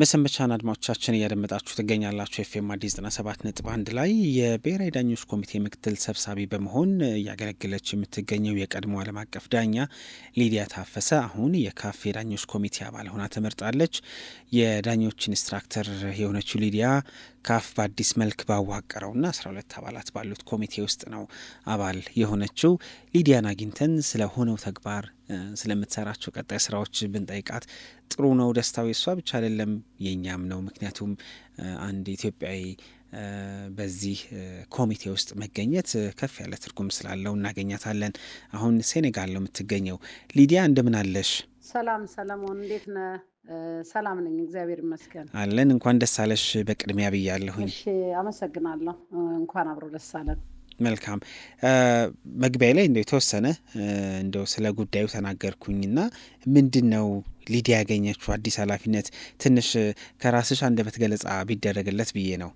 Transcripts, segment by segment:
መሰንበቻን አድማጮቻችን እያደመጣችሁ ትገኛላችሁ። ኤፍኤም አዲስ አንድ ላይ የብሔራዊ ዳኞች ኮሚቴ ምክትል ሰብሳቢ በመሆን እያገለገለች የምትገኘው የቀድሞ ዓለም አቀፍ ዳኛ ሊዲያ ታፈሰ አሁን የካፍ የዳኞች ኮሚቴ አባል ሆና ተመርጣለች። የዳኞች ኢንስትራክተር የሆነችው ሊዲያ ካፍ በአዲስ መልክ ባዋቀረውና ሁለት አባላት ባሉት ኮሚቴ ውስጥ ነው አባል የሆነችው። ሊዲያን አግኝተን ስለ ሆነው ተግባር ስለምትሰራቸው ቀጣይ ስራዎች ብንጠይቃት ጥሩ ነው። ደስታው የሷ ብቻ አይደለም የእኛም ነው። ምክንያቱም አንድ ኢትዮጵያዊ በዚህ ኮሚቴ ውስጥ መገኘት ከፍ ያለ ትርጉም ስላለው እናገኛታለን። አሁን ሴኔጋል ነው የምትገኘው። ሊዲያ እንደምን አለሽ? ሰላም ሰለሞን፣ እንዴት ነ? ሰላም ነኝ፣ እግዚአብሔር ይመስገን አለን። እንኳን ደስ አለሽ በቅድሚያ ብያለሁኝ። እሺ፣ አመሰግናለሁ። እንኳን አብሮ ደስ አለን። መልካም መግቢያ ላይ እንደው የተወሰነ እንደው ስለ ጉዳዩ ተናገርኩኝና ምንድን ነው ሊዲያ ያገኘችው አዲስ ኃላፊነት ትንሽ ከራስሽ አንደበት ገለጻ ቢደረግለት ብዬ ነው።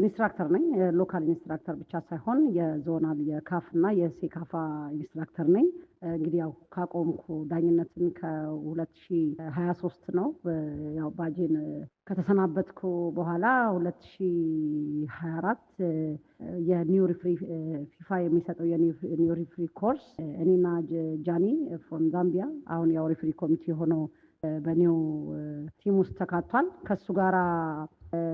ኢንስትራክተር ነኝ። ሎካል ኢንስትራክተር ብቻ ሳይሆን የዞናል የካፍና የሴካፋ ኢንስትራክተር ነኝ። እንግዲህ ያው ካቆምኩ ዳኝነትን ከ 2023 ሶስት ነው ያው ባጄን ከተሰናበትኩ በኋላ 2024 ሺ የኒው ሪፍሪ ፊፋ የሚሰጠው የኒው ሪፍሪ ኮርስ እኔና ጃኒ ፍሮም ዛምቢያ አሁን ያው ሪፍሪ ኮሚቴ ሆነው በኒው ቲም ውስጥ ተካቷል። ከሱ ጋራ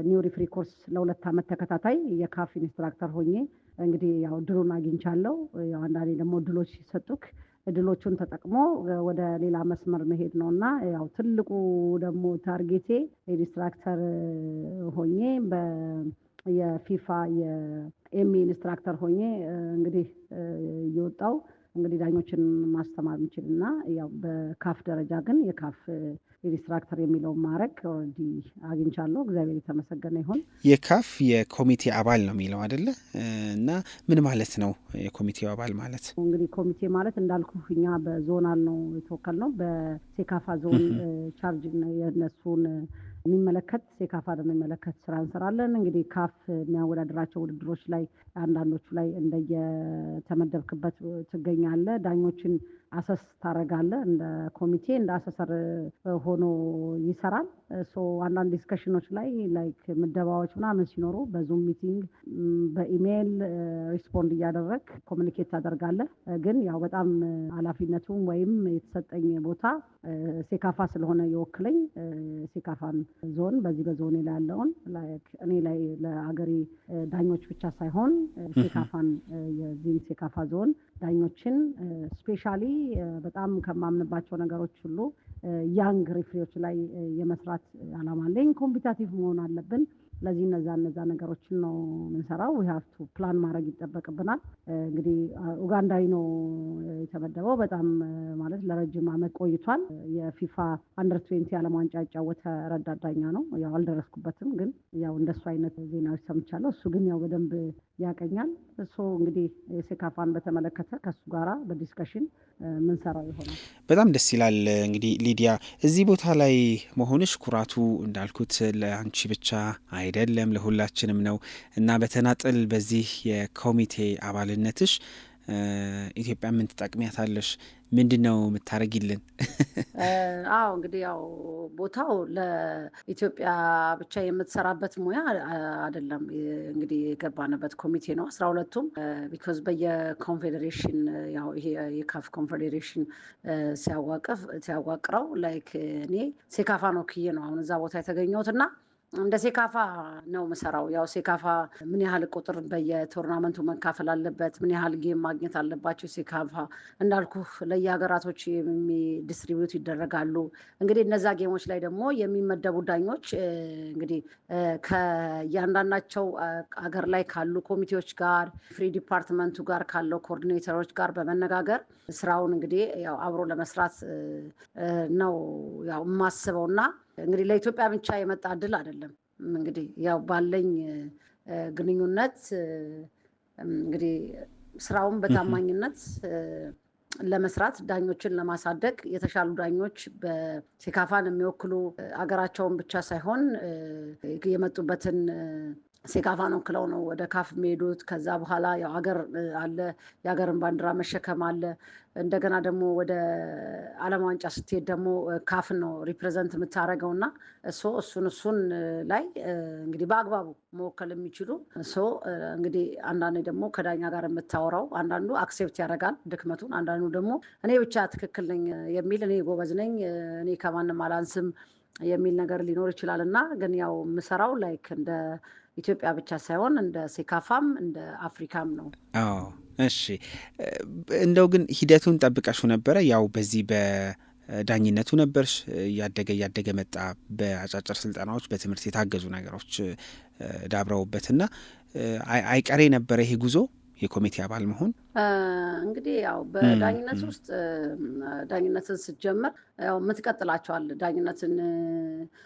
ኒው ሪፍሪ ኮርስ ለሁለት ዓመት ተከታታይ የካፍ ኢንስትራክተር ሆኜ እንግዲህ ያው ድሉን አግኝቻለሁ። ያው አንዳንዴ ደግሞ ድሎች ሲሰጡክ እድሎቹን ተጠቅሞ ወደ ሌላ መስመር መሄድ ነው እና ያው ትልቁ ደግሞ ታርጌቴ ኢንስትራክተር ሆኜ የፊፋ የኤሚ ኢንስትራክተር ሆኜ እንግዲህ እየወጣው እንግዲህ ዳኞችን ማስተማር የምችል እና ያው በካፍ ደረጃ ግን የካፍ ኢንስትራክተር የሚለውን ማድረግ ኦልሬዲ አግኝቻለሁ። እግዚአብሔር የተመሰገነ ይሁን። የካፍ የኮሚቴ አባል ነው የሚለው አይደለ? እና ምን ማለት ነው የኮሚቴው አባል ማለት? እንግዲህ ኮሚቴ ማለት እንዳልኩ እኛ በዞናል ነው የተወከል ነው። በሴካፋ ዞን ቻርጅ የነሱን የሚመለከት ሴካፋን የሚመለከት ስራ እንሰራለን። እንግዲህ ካፍ የሚያወዳደራቸው ውድድሮች ላይ አንዳንዶቹ ላይ እንደየተመደብክበት ትገኛለ። ዳኞችን አሰስ ታደርጋለ። እንደ ኮሚቴ እንደ አሰሰር ሆኖ ይሰራል። ሶ አንዳንድ ዲስከሽኖች ላይ ላይክ ምደባዎች ምናምን ሲኖሩ በዙም ሚቲንግ በኢሜይል ሪስፖንድ እያደረግ ኮሚኒኬት ታደርጋለ። ግን ያው በጣም ኃላፊነቱን ወይም የተሰጠኝ ቦታ ሴካፋ ስለሆነ የወክለኝ ሴካፋን ዞን በዚህ በዞን ላለውን እኔ ላይ ለአገሬ ዳኞች ብቻ ሳይሆን ሴካፋን የዚህም ሴካፋ ዞን ዳኞችን ስፔሻሊ በጣም ከማምንባቸው ነገሮች ሁሉ ያንግ ሪፍሬዎች ላይ የመስራት አላማ አለኝ። ኮምፒታቲቭ መሆን አለብን። ለዚህ እነዛ እነዛ ነገሮችን ነው የምንሰራው። ሀፍቱ ፕላን ማድረግ ይጠበቅብናል። እንግዲህ ኡጋንዳዊ ነው የተመደበው። በጣም ማለት ለረጅም ዓመት ቆይቷል። የፊፋ አንደር ትዌንቲ ዓለም ዋንጫ ያጫወተ ረዳት ዳኛ ነው። ያው አልደረስኩበትም፣ ግን ያው እንደሱ አይነት ዜናዎች ሰምቻለሁ። እሱ ግን ያው በደንብ ያቀኛል። እሱ እንግዲህ ሴካፋን በተመለከተ ከእሱ ጋራ በዲስከሽን ምንሰራው ይሆናል። በጣም ደስ ይላል። እንግዲህ ሊዲያ እዚህ ቦታ ላይ መሆንሽ ኩራቱ እንዳልኩት ለአንቺ ብቻ አይ አይደለም፣ ለሁላችንም ነው እና በተናጥል በዚህ የኮሚቴ አባልነትሽ ኢትዮጵያ ምን ትጠቅሚያታለሽ? ምንድን ነው የምታደርጊልን? አዎ እንግዲህ ያው ቦታው ለኢትዮጵያ ብቻ የምትሰራበት ሙያ አይደለም። እንግዲህ የገባንበት ኮሚቴ ነው አስራ ሁለቱም ቢኮዝ በየኮንፌዴሬሽን ያው ይሄ የካፍ ኮንፌዴሬሽን ሲያዋቅፍ ሲያዋቅረው ላይክ እኔ ሴካፋ ነው ክዬ ነው አሁን እዛ ቦታ የተገኘሁት እና እንደ ሴካፋ ነው ምሰራው። ያው ሴካፋ ምን ያህል ቁጥር በየቱርናመንቱ መካፈል አለበት፣ ምን ያህል ጌም ማግኘት አለባቸው። ሴካፋ እንዳልኩ ለየሀገራቶች ዲስትሪቢዩት ይደረጋሉ። እንግዲህ እነዛ ጌሞች ላይ ደግሞ የሚመደቡ ዳኞች እንግዲህ ከእያንዳንዳቸው ሀገር ላይ ካሉ ኮሚቴዎች ጋር ፍሪ ዲፓርትመንቱ ጋር ካለው ኮኦርዲኔተሮች ጋር በመነጋገር ስራውን እንግዲህ ያው አብሮ ለመስራት ነው ያው የማስበው እና እንግዲህ ለኢትዮጵያ ብቻ የመጣ እድል አይደለም። እንግዲህ ያው ባለኝ ግንኙነት እንግዲህ ስራውን በታማኝነት ለመስራት ዳኞችን ለማሳደግ የተሻሉ ዳኞች በሴካፋን የሚወክሉ አገራቸውን ብቻ ሳይሆን የመጡበትን ሴጋፋን ወክለው ነው ወደ ካፍ የሚሄዱት። ከዛ በኋላ ያው ሀገር አለ፣ የሀገርን ባንዲራ መሸከም አለ። እንደገና ደግሞ ወደ ዓለም ዋንጫ ስትሄድ ደግሞ ካፍ ነው ሪፕሬዘንት የምታደርገው እና እሶ እሱን እሱን ላይ እንግዲህ በአግባቡ መወከል የሚችሉ እሶ እንግዲህ አንዳንድ ደግሞ ከዳኛ ጋር የምታወራው አንዳንዱ አክሴፕት ያደርጋል ድክመቱን፣ አንዳንዱ ደግሞ እኔ ብቻ ትክክል ነኝ የሚል እኔ ጎበዝ ነኝ እኔ ከማንም አላንስም የሚል ነገር ሊኖር ይችላል እና ግን ያው የምሰራው ላይክ እንደ ኢትዮጵያ ብቻ ሳይሆን እንደ ሴካፋም እንደ አፍሪካም ነው። አዎ እሺ። እንደው ግን ሂደቱን ጠብቀሹ ነበረ? ያው በዚህ በዳኝነቱ ነበርሽ፣ እያደገ እያደገ መጣ። በአጫጭር ስልጠናዎች በትምህርት የታገዙ ነገሮች ዳብረውበትና አይቀሬ ነበረ ይሄ ጉዞ የኮሚቴ አባል መሆን? እንግዲህ ያው በዳኝነት ውስጥ ዳኝነትን ስትጀምር ያው የምትቀጥላቸዋል ዳኝነትን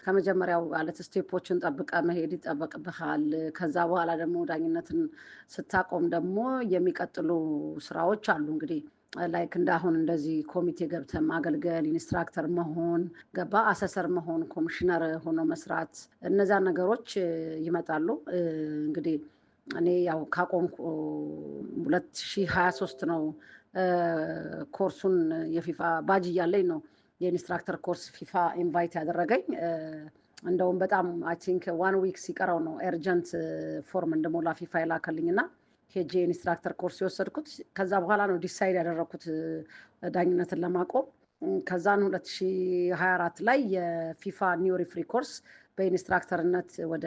ከመጀመሪያው ማለት ስቴፖችን ጠብቀ መሄድ ይጠበቅብሃል። ከዛ በኋላ ደግሞ ዳኝነትን ስታቆም ደግሞ የሚቀጥሉ ስራዎች አሉ እንግዲህ ላይክ እንደ አሁን እንደዚህ ኮሚቴ ገብተ ማገልገል፣ ኢንስትራክተር መሆን ገባ፣ አሰሰር መሆን፣ ኮሚሽነር ሆኖ መስራት፣ እነዛ ነገሮች ይመጣሉ እንግዲህ እኔ ያው ካቆምኩ ሁለት ሺህ ሀያ ሶስት ነው ኮርሱን የፊፋ ባጅ እያለኝ ነው የኢንስትራክተር ኮርስ ፊፋ ኢንቫይት ያደረገኝ። እንደውም በጣም አይ ቲንክ ዋን ዊክ ሲቀረው ነው ኤርጀንት ፎርም እንደሞላ ፊፋ የላከልኝ እና ሄጄ የኢንስትራክተር ኮርስ የወሰድኩት። ከዛ በኋላ ነው ዲሳይድ ያደረግኩት ዳኝነትን ለማቆም። ከዛን 2024 ላይ የፊፋ ኒው ሪፍሪ ኮርስ በኢንስትራክተርነት ወደ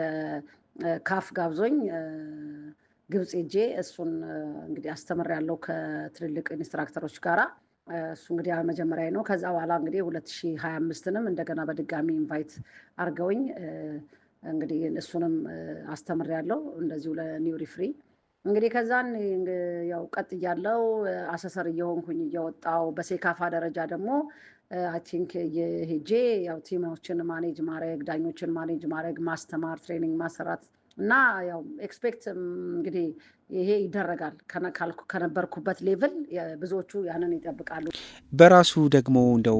ካፍ ጋብዞኝ ግብፅ ሄጄ እሱን እንግዲህ አስተምር ያለው ከትልልቅ ኢንስትራክተሮች ጋራ እሱ እንግዲህ መጀመሪያ ነው። ከዛ በኋላ እንግዲህ ሁለት ሺ ሀያ አምስትንም እንደገና በድጋሚ ኢንቫይት አድርገውኝ እንግዲህ እሱንም አስተምር ያለው እንደዚሁ ለኒው ሪፍሪ እንግዲህ ከዛን ያው ቀጥ እያለው አሰሰር እየሆንኩኝ እየወጣው በሴካፋ ደረጃ ደግሞ አይ ቲንክ ሄጄ ያው ቲሞችን ማኔጅ ማድረግ፣ ዳኞችን ማኔጅ ማድረግ፣ ማስተማር፣ ትሬኒንግ ማሰራት እና ያው ኤክስፔክት እንግዲህ ይሄ ይደረጋል ከነበርኩበት ሌቭል ብዙዎቹ ያንን ይጠብቃሉ። በራሱ ደግሞ እንደው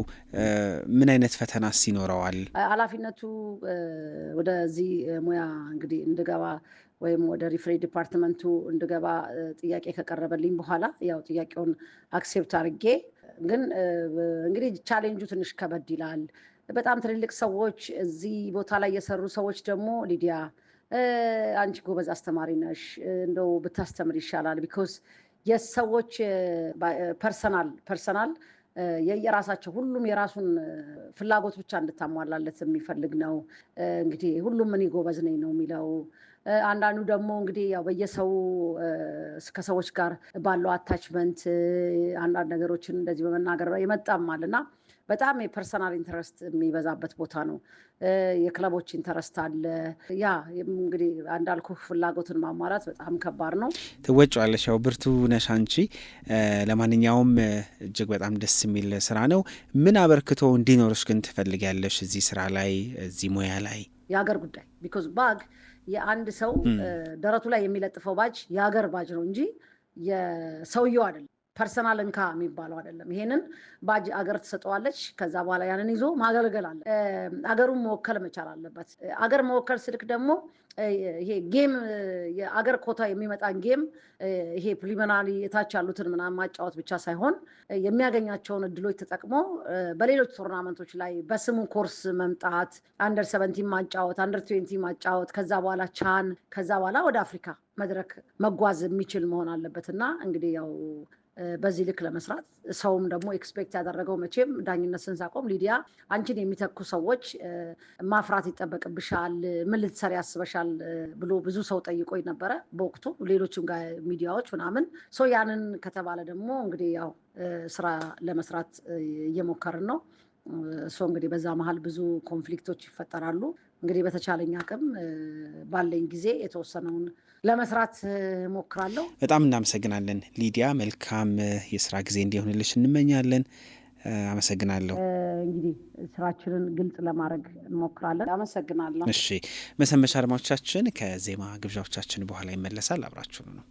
ምን አይነት ፈተናስ ይኖረዋል? ኃላፊነቱ ወደዚህ ሙያ እንግዲህ እንድገባ ወይም ወደ ሪፍሬ ዲፓርትመንቱ እንድገባ ጥያቄ ከቀረበልኝ በኋላ ያው ጥያቄውን አክሴፕት አድርጌ ግን እንግዲህ ቻሌንጁ ትንሽ ከበድ ይላል። በጣም ትልልቅ ሰዎች እዚህ ቦታ ላይ የሰሩ ሰዎች ደግሞ ሊዲያ አንቺ ጎበዝ አስተማሪ ነሽ፣ እንደው ብታስተምር ይሻላል። ቢኮዝ የሰዎች ፐርሰናል ፐርሰናል የየራሳቸው ሁሉም የራሱን ፍላጎት ብቻ እንድታሟላለት የሚፈልግ ነው። እንግዲህ ሁሉም እኔ ጎበዝ ነኝ ነው የሚለው አንዳንዱ ደግሞ እንግዲህ ያው በየሰው ከሰዎች ጋር ባለው አታችመንት አንዳንድ ነገሮችን እንደዚህ በመናገር የመጣም እና በጣም የፐርሰናል ኢንተረስት የሚበዛበት ቦታ ነው። የክለቦች ኢንተረስት አለ። ያ እንግዲህ እንዳልኩ ፍላጎትን ማሟላት በጣም ከባድ ነው። ትወጫለሽ። ያው ብርቱ ነሽ አንቺ። ለማንኛውም እጅግ በጣም ደስ የሚል ስራ ነው። ምን አበርክቶ እንዲኖርሽ ግን ትፈልጊያለሽ እዚህ ስራ ላይ እዚህ ሙያ ላይ? የሀገር ጉዳይ ቢኮዝ ባግ የአንድ ሰው ደረቱ ላይ የሚለጥፈው ባጅ የሀገር ባጅ ነው እንጂ የሰውየው አይደለም። ፐርሰናል እንካ የሚባለው አይደለም። ይሄንን ባጅ አገር ትሰጠዋለች። ከዛ በኋላ ያንን ይዞ ማገልገል አለ። አገሩን መወከል መቻል አለበት። አገር መወከል ስልክ ደግሞ ይሄ ጌም የአገር ኮታ የሚመጣን ጌም ይሄ ፕሪሊሚናሪ የታች ያሉትን ምናምን ማጫወት ብቻ ሳይሆን የሚያገኛቸውን እድሎች ተጠቅሞ በሌሎች ቶርናመንቶች ላይ በስሙ ኮርስ መምጣት፣ አንደር ሰቨንቲ ማጫወት፣ አንደር ትዌንቲ ማጫወት፣ ከዛ በኋላ ቻን፣ ከዛ በኋላ ወደ አፍሪካ መድረክ መጓዝ የሚችል መሆን አለበት እና እንግዲህ ያው በዚህ ልክ ለመስራት ሰውም ደግሞ ኤክስፔክት ያደረገው መቼም ዳኝነት ስንሳቆም ሊዲያ አንቺን የሚተኩ ሰዎች ማፍራት ይጠበቅብሻል፣ ምን ልትሰሪ ያስበሻል ብሎ ብዙ ሰው ጠይቆ ነበረ በወቅቱ ሌሎችም ጋር ሚዲያዎች ምናምን ሰው ያንን ከተባለ ደግሞ እንግዲህ ያው ስራ ለመስራት እየሞከርን ነው። እሱ እንግዲህ በዛ መሀል ብዙ ኮንፍሊክቶች ይፈጠራሉ። እንግዲህ በተቻለኝ አቅም ባለኝ ጊዜ የተወሰነውን ለመስራት ሞክራለሁ። በጣም እናመሰግናለን ሊዲያ። መልካም የስራ ጊዜ እንዲሆንልሽ እንመኛለን። አመሰግናለሁ። እንግዲህ ስራችንን ግልጽ ለማድረግ እንሞክራለን። አመሰግናለሁ። እሺ መሰንበቻ አድማጮቻችን፣ ከዜማ ግብዣዎቻችን በኋላ ይመለሳል። አብራችሁ ነው